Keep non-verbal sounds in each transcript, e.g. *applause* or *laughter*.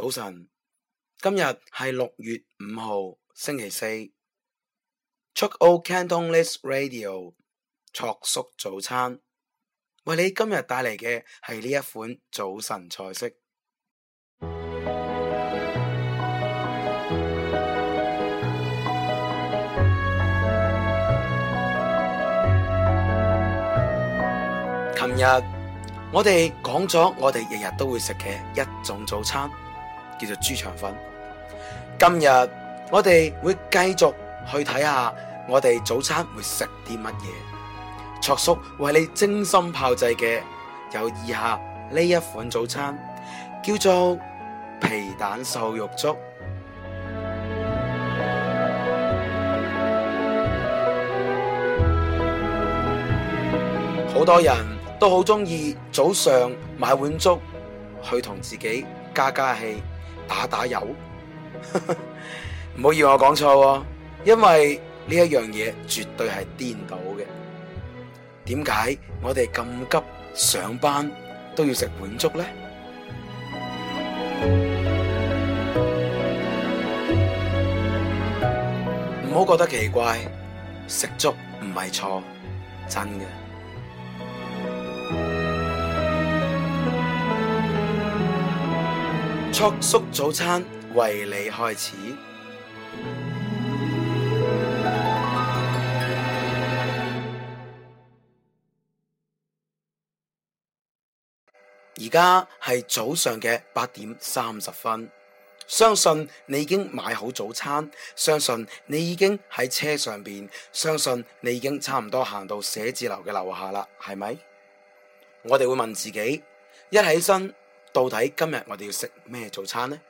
早晨，今日係六月五號星期四。Chok O Cantonese Radio，卓叔早餐。為你今日帶嚟嘅係呢一款早晨菜式。琴日我哋講咗，我哋日日都會食嘅一種早餐。叫做豬腸粉。今日我哋會繼續去睇下我哋早餐會食啲乜嘢。卓叔為你精心炮製嘅有以下呢一款早餐，叫做皮蛋瘦肉粥。好多人都好中意早上買碗粥去同自己加加氣。打打油，唔 *laughs* 好以為我講錯，因為呢一樣嘢絕對係顛倒嘅。點解我哋咁急上班都要食碗粥咧？唔好 *music* 覺得奇怪，食粥唔係錯，真嘅。速速早餐為你開始。而家係早上嘅八點三十分，相信你已經買好早餐，相信你已經喺車上邊，相信你已經差唔多行到寫字樓嘅樓下啦，係咪？我哋會問自己，一起身。到底今日我哋要食咩早餐呢？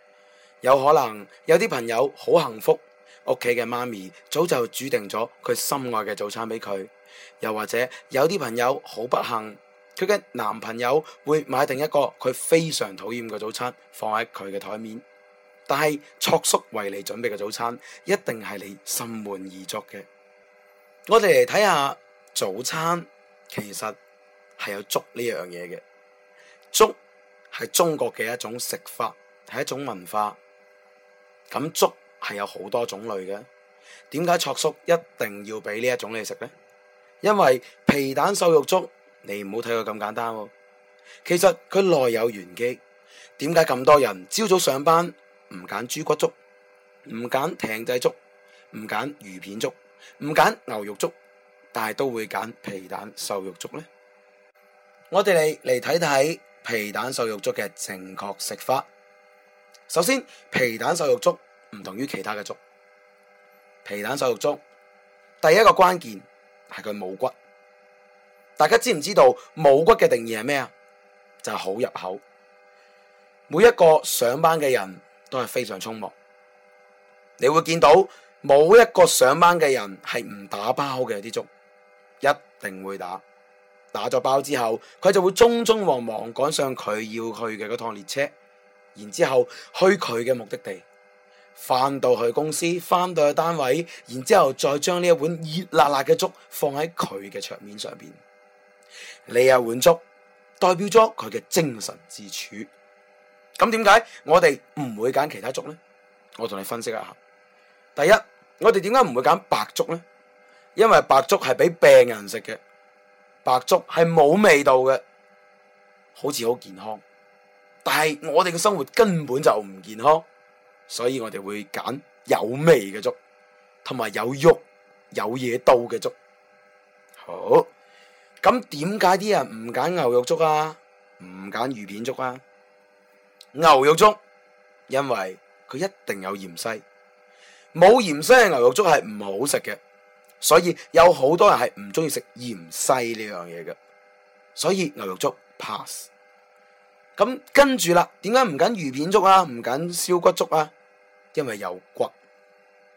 有可能有啲朋友好幸福，屋企嘅媽咪早就煮定咗佢心愛嘅早餐俾佢；又或者有啲朋友好不幸，佢嘅男朋友會買定一個佢非常討厭嘅早餐放喺佢嘅台面。但係卓叔為你準備嘅早餐，一定係你心滿意足嘅。我哋嚟睇下早餐，其實係有粥呢樣嘢嘅粥。係中國嘅一種食法，係一種文化。咁粥係有好多種類嘅，點解卓叔一定要俾呢一種你食呢？因為皮蛋瘦肉粥，你唔好睇佢咁簡單，哦，其實佢內有玄機。點解咁多人朝早上班唔揀豬骨粥，唔揀艇仔粥，唔揀魚片粥，唔揀牛肉粥，但係都會揀皮蛋瘦肉粥呢？我哋嚟睇睇。皮蛋瘦肉粥嘅正確食法。首先，皮蛋瘦肉粥唔同於其他嘅粥。皮蛋瘦肉粥第一個關鍵係佢冇骨。大家知唔知道冇骨嘅定義係咩啊？就係好入口。每一個上班嘅人，都係非常匆忙。你會見到冇一個上班嘅人係唔打包嘅。啲粥一定會打。打咗包之後，佢就會匆匆忙忙趕上佢要去嘅嗰趟列車，然之後去佢嘅目的地，翻到去公司，翻到去單位，然之後再將呢一碗熱辣辣嘅粥放喺佢嘅桌面上邊。呢一碗粥，代表咗佢嘅精神支柱。咁點解我哋唔會揀其他粥呢？我同你分析一下。第一，我哋點解唔會揀白粥呢？因為白粥係俾病人食嘅。白粥係冇味道嘅，好似好健康，但係我哋嘅生活根本就唔健康，所以我哋會揀有味嘅粥，同埋有肉有嘢到嘅粥。好，咁點解啲人唔揀牛肉粥啊？唔揀魚片粥啊？牛肉粥，因為佢一定有芫荽，冇芫荽嘅牛肉粥係唔好食嘅。所以有好多人係唔中意食芫茜呢樣嘢嘅，所以牛肉粥 pass。咁跟住啦，點解唔揀魚片粥啊，唔揀燒骨粥啊？因為有骨，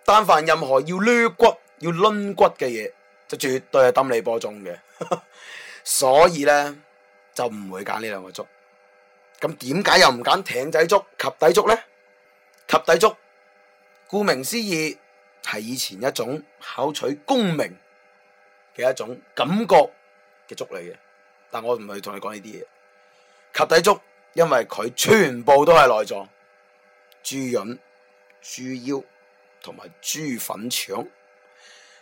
但凡任何要攣骨、要掄骨嘅嘢，就絕對係抌你波盅嘅。 *laughs* 所以呢，就唔會揀呢兩個粥。咁點解又唔揀艇仔粥及底粥呢？及底粥，顧名思義。係以前一種考取功名嘅一種感覺嘅粥嚟嘅，但我唔係同你講呢啲嘢。及第粥，因為佢全部都係內臟，豬潤、豬腰同埋豬粉腸，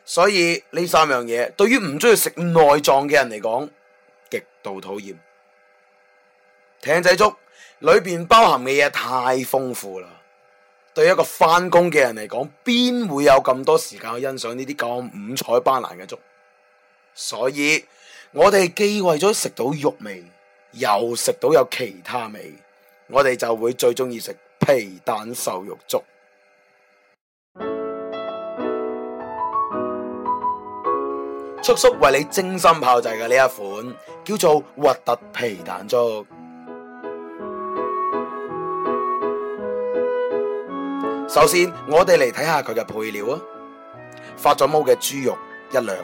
所以呢三樣嘢對於唔中意食內臟嘅人嚟講，極度討厭。艇仔粥裏邊包含嘅嘢太豐富啦。對一個返工嘅人嚟講，邊會有咁多時間去欣賞呢啲咁五彩斑斕嘅粥？所以我哋既為咗食到肉味，又食到有其他味，我哋就會最中意食皮蛋瘦肉粥。卓叔為你精心炮製嘅呢一款，叫做核突皮蛋粥。首先，我哋嚟睇下佢嘅配料啊！發咗毛嘅豬肉一兩，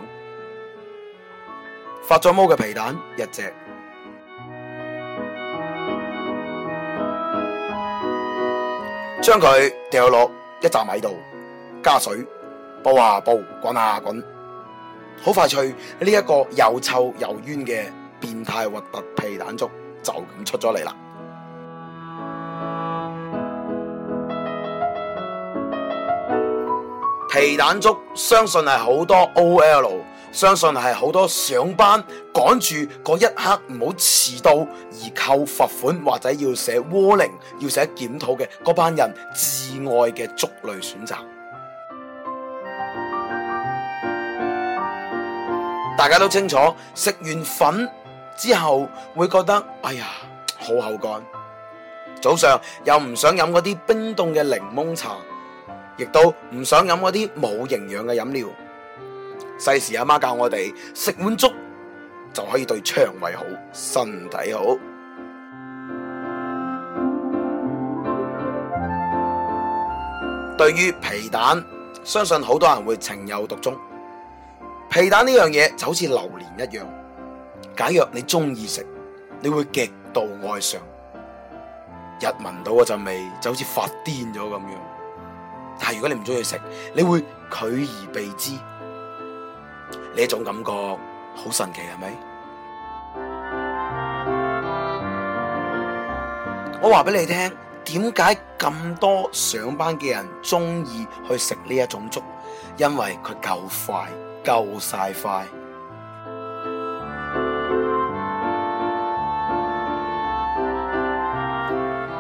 發咗毛嘅皮蛋一隻，將佢掉落一盞米度，加水，煲啊煲，滾啊滾，好快脆！呢、這、一個又臭又軟嘅變態核突皮蛋粥就咁出咗嚟啦～皮蛋粥，相信係好多 OL，相信係好多上班趕住嗰一刻唔好遲到而扣罰款或者要寫 warning，要寫檢討嘅嗰班人至愛嘅粥類選擇。 *music* 大家都清楚，食完粉之後會覺得哎呀好口乾，早上又唔想飲嗰啲冰凍嘅檸檬茶。亦都唔想飲嗰啲冇營養嘅飲料。細時阿媽教我哋食碗粥就可以對腸胃好、身體好。 *music* 對於皮蛋，相信好多人會情有獨鍾。皮蛋呢樣嘢就好似榴蓮一樣，假若你中意食，你會極度愛上，一聞到嗰陣味就好似發癲咗咁樣。但係如果你唔中意食，你會拒而避之。呢一種感覺好神奇，係咪？我話俾你聽，點解咁多上班嘅人中意去食呢一種粥？因為佢夠快，夠晒快。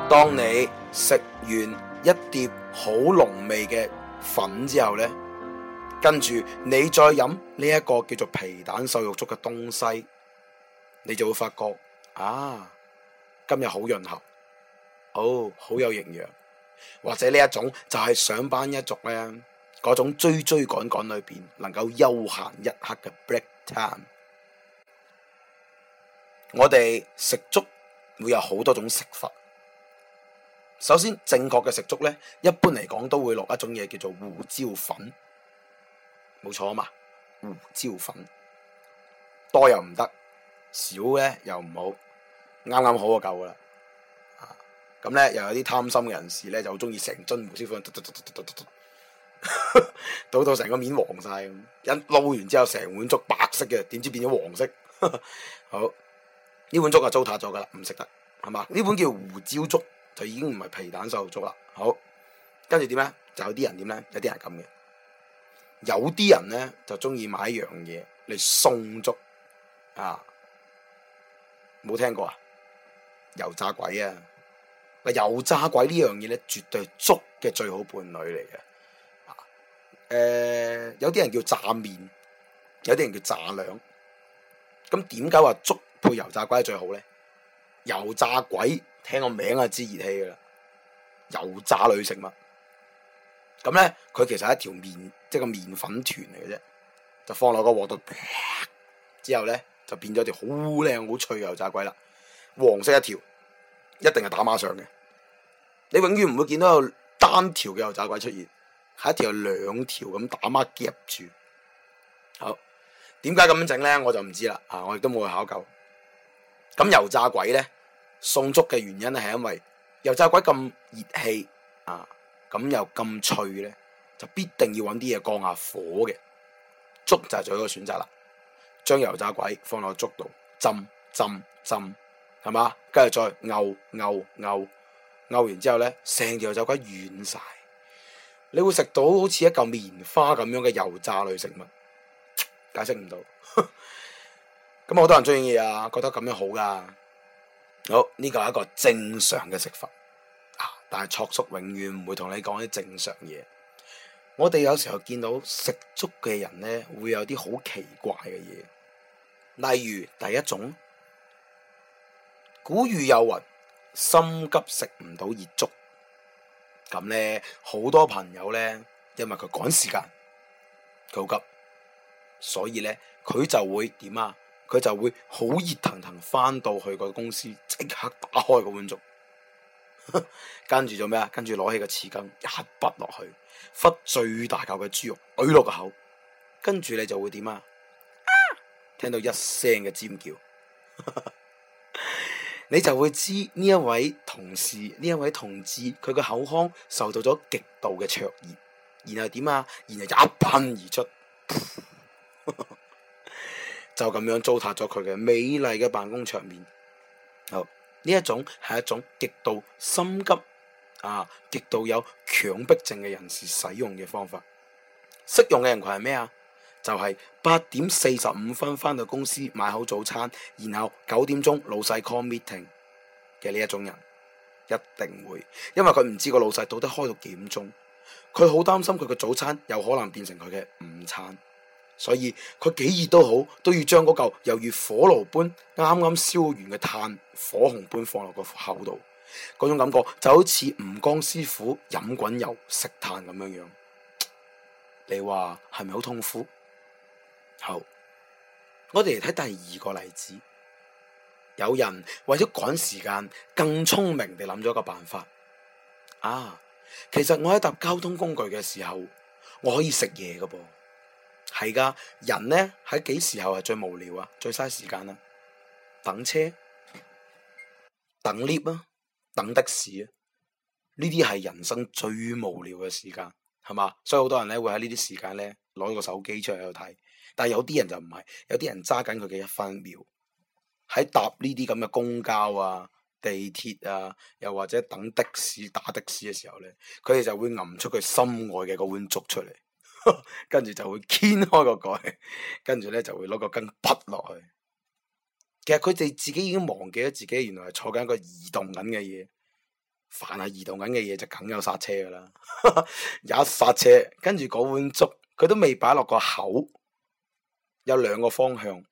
當你食完。一碟好濃味嘅粉之後呢，跟住你再飲呢一個叫做皮蛋瘦肉粥嘅東西，你就會發覺啊，今日好潤喉，好、哦，好有營養，或者呢一種就係上班一族呢，嗰種追追趕趕裏邊能夠休閒一刻嘅 break time。我哋食粥會有好多種食法。首先正確嘅食粥咧，一般嚟講都會落一種嘢叫做胡椒粉，冇錯啊嘛，胡椒粉多又唔得，少咧又唔好，啱啱好就夠噶啦。咁咧又有啲貪心嘅人士咧就好中意成樽胡椒粉，嘟嘟嘟嘟嘟嘟嘟，倒到成個面黃晒，一撈完之後成碗粥白色嘅，點知變咗黃色？好，呢碗粥就糟蹋咗噶啦，唔食得，係咪？呢碗叫胡椒粥。就已經唔係皮蛋瘦肉粥啦，好，跟住點咧？就有啲人點咧？有啲人係咁嘅，有啲人咧就中意買一樣嘢嚟餸粥啊！冇聽過啊？油炸鬼啊！嗱，油炸鬼呢樣嘢咧，絕對係粥嘅最好伴侶嚟嘅啊！誒，有啲人叫炸麵，有啲人叫炸兩，咁點解話粥配油炸鬼係最好咧？油炸鬼。聽個名啊，知熱氣噶啦，油炸類食物。咁咧，佢其實係一條麵，即係個麵粉團嚟嘅啫，就放落個鑊度，啪，之後咧就變咗條好靚、好脆嘅油炸鬼啦。黃色一條，一定係打孖上嘅。你永遠唔會見到有單條嘅油炸鬼出現，係一條有兩條咁打孖夾住。好，點解咁樣整咧？我就唔知啦。吓，我亦都冇去考究。咁油炸鬼咧？送粥嘅原因咧，係因為油炸鬼咁熱氣啊，咁又咁脆咧，就必定要揾啲嘢降下火。嘅粥就係最好嘅選擇啦。將油炸鬼放落粥度浸浸浸，係嘛，跟住再漚漚漚，漚完之後咧，成條油炸鬼軟晒，你會食到好似一嚿棉花咁樣嘅油炸類食物，解釋唔到。咁 *laughs* 好多人中意啊，覺得咁樣好噶。好，呢個係一個正常嘅食法，啊！但係卓叔永遠唔會同你講啲正常嘢。我哋有時候見到食粥嘅人呢，會有啲好奇怪嘅嘢，例如第一種，古語有云，心急食唔到熱粥。咁呢，好多朋友呢，因為佢趕時間，佢好急，所以呢，佢就會點啊？佢就會好熱騰騰翻到去個公司，即刻打開個碗粥，跟住做咩啊？跟住攞起個匙羹，一筆落去，忽最大嚿嘅豬肉，懟落個口，跟住你就會點啊？聽到一聲嘅尖叫，你就會知呢一位同事，呢一位同志，佢個口腔受到咗極度嘅灼熱，然後點啊？然後就一噴而出。就咁樣糟蹋咗佢嘅美麗嘅辦公桌面。呢一種係一種極度心急啊，極度有強迫症嘅人士使用嘅方法。適用嘅人群係咩啊？就係、是、八點四十五分返到公司買好早餐，然後九點鐘老細 call meeting 嘅呢一種人，一定會，因為佢唔知個老細到底開到幾點鐘，佢好擔心佢嘅早餐有可能變成佢嘅午餐。所以佢幾熱都好，都要將嗰嚿猶如火爐般啱啱燒完嘅炭火紅般放落個口度，嗰種感覺就好似吳江師傅飲滾油食炭咁樣樣。你話係咪好痛苦？好，我哋嚟睇第二個例子。有人為咗趕時間，更聰明地諗咗一個辦法。啊，其實我喺搭交通工具嘅時候，我可以食嘢㗎噃。係噶，人咧喺幾時候係最無聊啊，最嘥時間啊？等車、等 lift 啊、等的士啊，呢啲係人生最無聊嘅時間，係嘛？所以好多人咧會喺呢啲時間咧攞個手機出嚟喺度睇，但係有啲人就唔係，有啲人揸緊佢嘅一分秒，喺搭呢啲咁嘅公交啊、地鐵啊，又或者等的士、打的士嘅時候咧，佢哋就會揞出佢心愛嘅嗰碗粥出嚟。 *laughs* 跟住就會掀開個蓋，跟住咧就會攞個根筋撥落去。其實佢哋自己已經忘記咗自己原來係坐緊一個移動緊嘅嘢。凡係移動緊嘅嘢就梗有剎車噶啦， *laughs* 有一剎車，跟住嗰碗粥佢都未擺落個口。有兩個方向，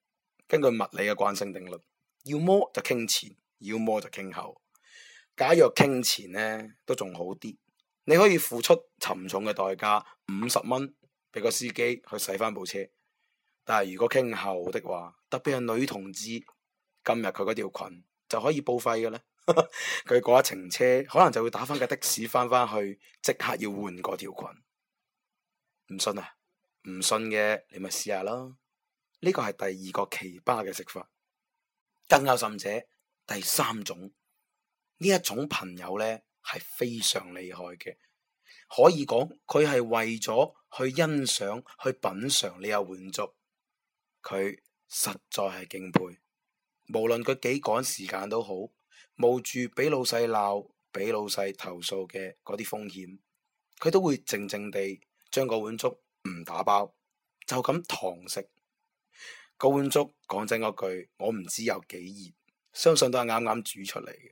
根據物理嘅慣性定律，要麼就傾前，要麼就傾後。假若傾前呢，都仲好啲，你可以付出沉重嘅代價五十蚊，俾個司機去洗翻部車，但係如果傾後的話，特別係女同志，今日佢嗰條裙就可以報廢嘅啦。佢 *laughs* 嗰一程車，可能就會打翻架的士翻翻去，即刻要換嗰條裙。唔信啊，唔信嘅你咪試下啦。呢個係第二個奇葩嘅食法，更有甚者，第三種，呢一種朋友咧係非常厲害嘅，可以講佢係為咗。去欣賞、去品嘗呢個碗粥，佢實在係敬佩。無論佢幾趕時間都好，冒住俾老細鬧、俾老細投訴嘅嗰啲風險，佢都會靜靜地將個碗粥唔打包，就咁堂食。個碗粥講真嗰句，我唔知有幾熱，相信都係啱啱煮出嚟嘅。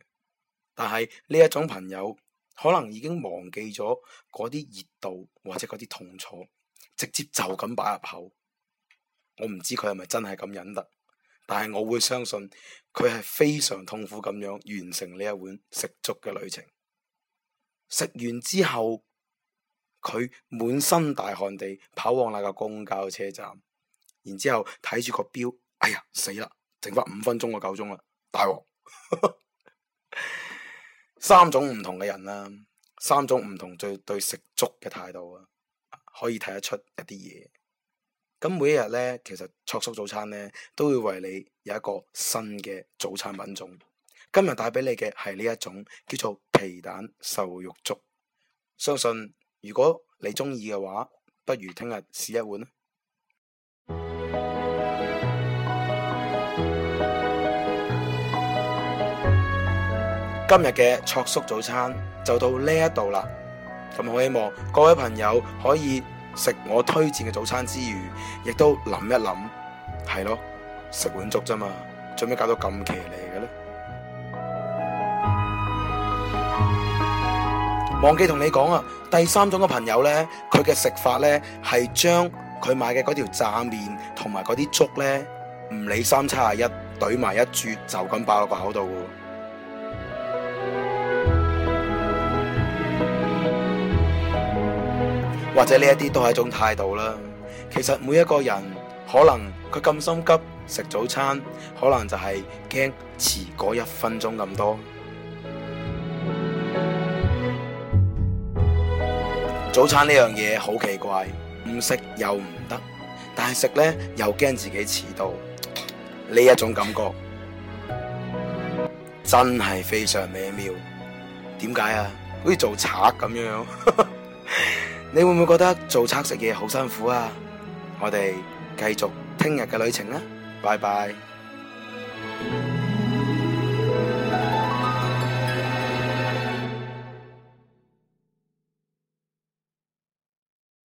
但係呢一種朋友，可能已經忘記咗嗰啲熱度或者嗰啲痛楚，直接就咁擺入口。我唔知佢係咪真係咁忍得，但係我會相信佢係非常痛苦咁樣完成呢一碗食粥嘅旅程。食完之後，佢滿身大汗地跑往那架公交車站，然之後睇住個表，哎呀死啦，剩翻五分鐘個夠鐘啦，大鑊！ *laughs* 三種唔同嘅人啦、啊，三種唔同最對，對食粥嘅態度啊，可以睇得出一啲嘢。咁每一日呢，其實卓叔早餐呢，都會為你有一個新嘅早餐品種。今日帶俾你嘅係呢一種叫做皮蛋瘦肉粥。相信如果你鍾意嘅話，不如聽日試一碗。今日嘅卓叔早餐就到呢一度啦，咁我希望各位朋友可以食我推薦嘅早餐之餘，亦都諗一諗，係咯，食碗粥啫嘛，做咩搞到咁騎呢嘅呢？忘記同你講啊，第三種嘅朋友呢，佢嘅食法呢，係將佢買嘅嗰條炸麵同埋嗰啲粥呢，唔理三七廿一懟埋一撮就咁爆落個口度。或者呢一啲都係一種態度啦。其實每一個人可能佢咁心急食早餐，可能就係驚遲嗰一分鐘咁多。早餐呢樣嘢，好奇怪，唔食又唔得，但係食呢又驚自己遲到，呢一種感覺真係非常美妙。點解啊？好似做賊咁樣。 *laughs* 你會唔會覺得做測試嘅好辛苦啊？我哋繼續聽日嘅旅程啦，拜拜。